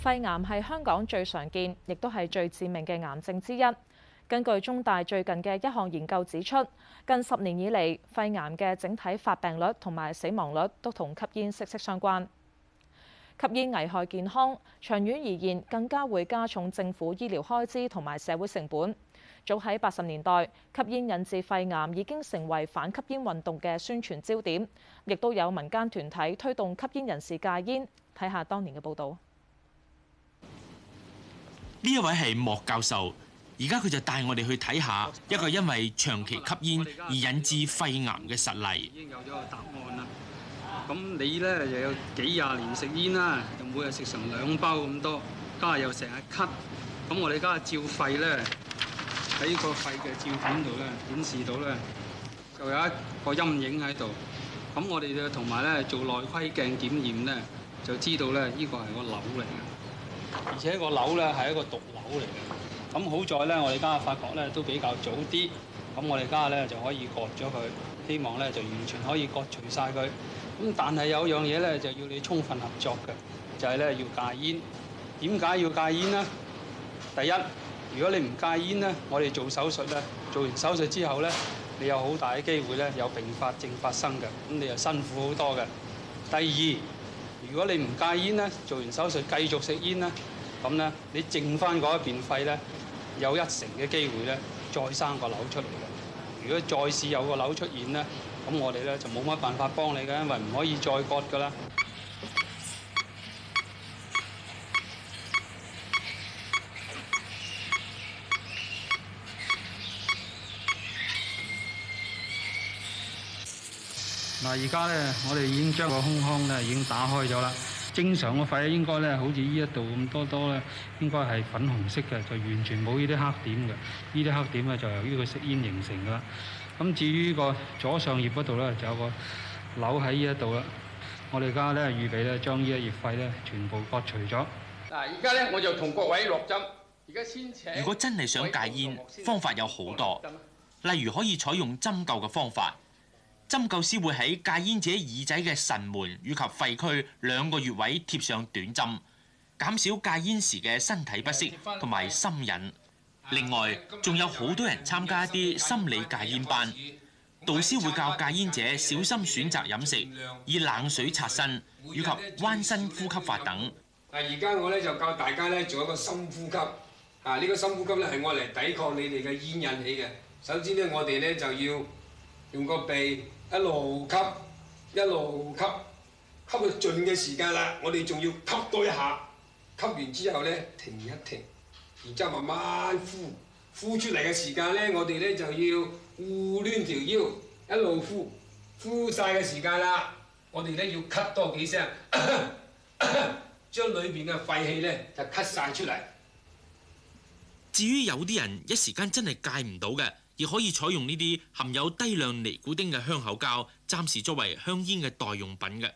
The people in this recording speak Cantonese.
肺癌係香港最常見，亦都係最致命嘅癌症之一。根據中大最近嘅一項研究指出，近十年以嚟，肺癌嘅整體發病率同埋死亡率都同吸煙息息相關。吸煙危害健康，長遠而言更加會加重政府醫療開支同埋社會成本。早喺八十年代，吸煙引致肺癌已經成為反吸煙運動嘅宣傳焦點，亦都有民間團體推動吸煙人士戒煙。睇下當年嘅報導。呢一位係莫教授，而家佢就帶我哋去睇下一個因為長期吸煙而引致肺癌嘅實例。已經有咗個答案啦。咁你咧又有幾廿年食煙啦，又每日食成兩包咁多，家下又成日咳，咁我哋家下照肺咧，喺個肺嘅照片度咧顯示到咧就有一個陰影喺度。咁我哋就同埋咧做內窺鏡檢驗咧，就知道咧呢個係個瘤嚟嘅。而且個瘤咧係一個毒瘤嚟嘅，咁好在咧，我哋家下發覺咧都比較早啲，咁我哋家下咧就可以割咗佢，希望咧就完全可以割除晒佢。咁但係有樣嘢咧就要你充分合作嘅，就係咧要戒煙。點解要戒煙呢？第一，如果你唔戒煙咧，我哋做手術咧，做完手術之後咧，你有好大嘅機會咧有併發症發生嘅，咁你又辛苦好多嘅。第二，如果你唔戒煙咧，做完手術繼續食煙咧。咁咧，你剩翻嗰一邊肺咧，有一成嘅機會咧，再生個瘤出嚟嘅。如果再試有個瘤出現咧，咁我哋咧就冇乜辦法幫你嘅，因為唔可以再割噶啦。嗱，而家咧，我哋已經將個胸腔咧，已經打開咗啦。正常嘅肺應該咧，好似呢一度咁多多咧，應該係粉紅色嘅，就完全冇呢啲黑點嘅。呢啲黑點咧就由於佢食煙形成㗎喇。咁至於個左上葉嗰度咧就有個瘤喺呢一度啦。我哋而家咧預備咧將呢一葉肺咧全部割除咗。嗱，而家咧我就同各位落針。而家先請。如果真係想戒煙，方法有好多，例如可以採用針灸嘅方法。針灸師會喺戒煙者耳仔嘅神門以及肺區兩個穴位貼上短針，減少戒煙時嘅身體不適同埋心癮。另外，仲有好多人參加一啲心理戒煙班，導師會教戒煙者小心選擇飲食，以冷水擦身，以及彎身呼吸法等。嗱，而家我咧就教大家咧做一個深呼吸。啊，呢個深呼吸咧係用嚟抵抗你哋嘅煙引起嘅。首先咧，我哋咧就要。用個鼻一路吸，一路吸，吸到盡嘅時間啦。我哋仲要吸多一下，吸完之後咧停一停，然之後慢慢呼，呼出嚟嘅時間咧，我哋咧就要彎攣條腰，一路呼，呼晒嘅時間啦。我哋咧要咳多幾聲，將裏邊嘅廢氣咧就咳晒出嚟。至於有啲人一時間真係戒唔到嘅。亦可以採用呢啲含有低量尼古丁嘅香口膠，暫時作為香煙嘅代用品嘅。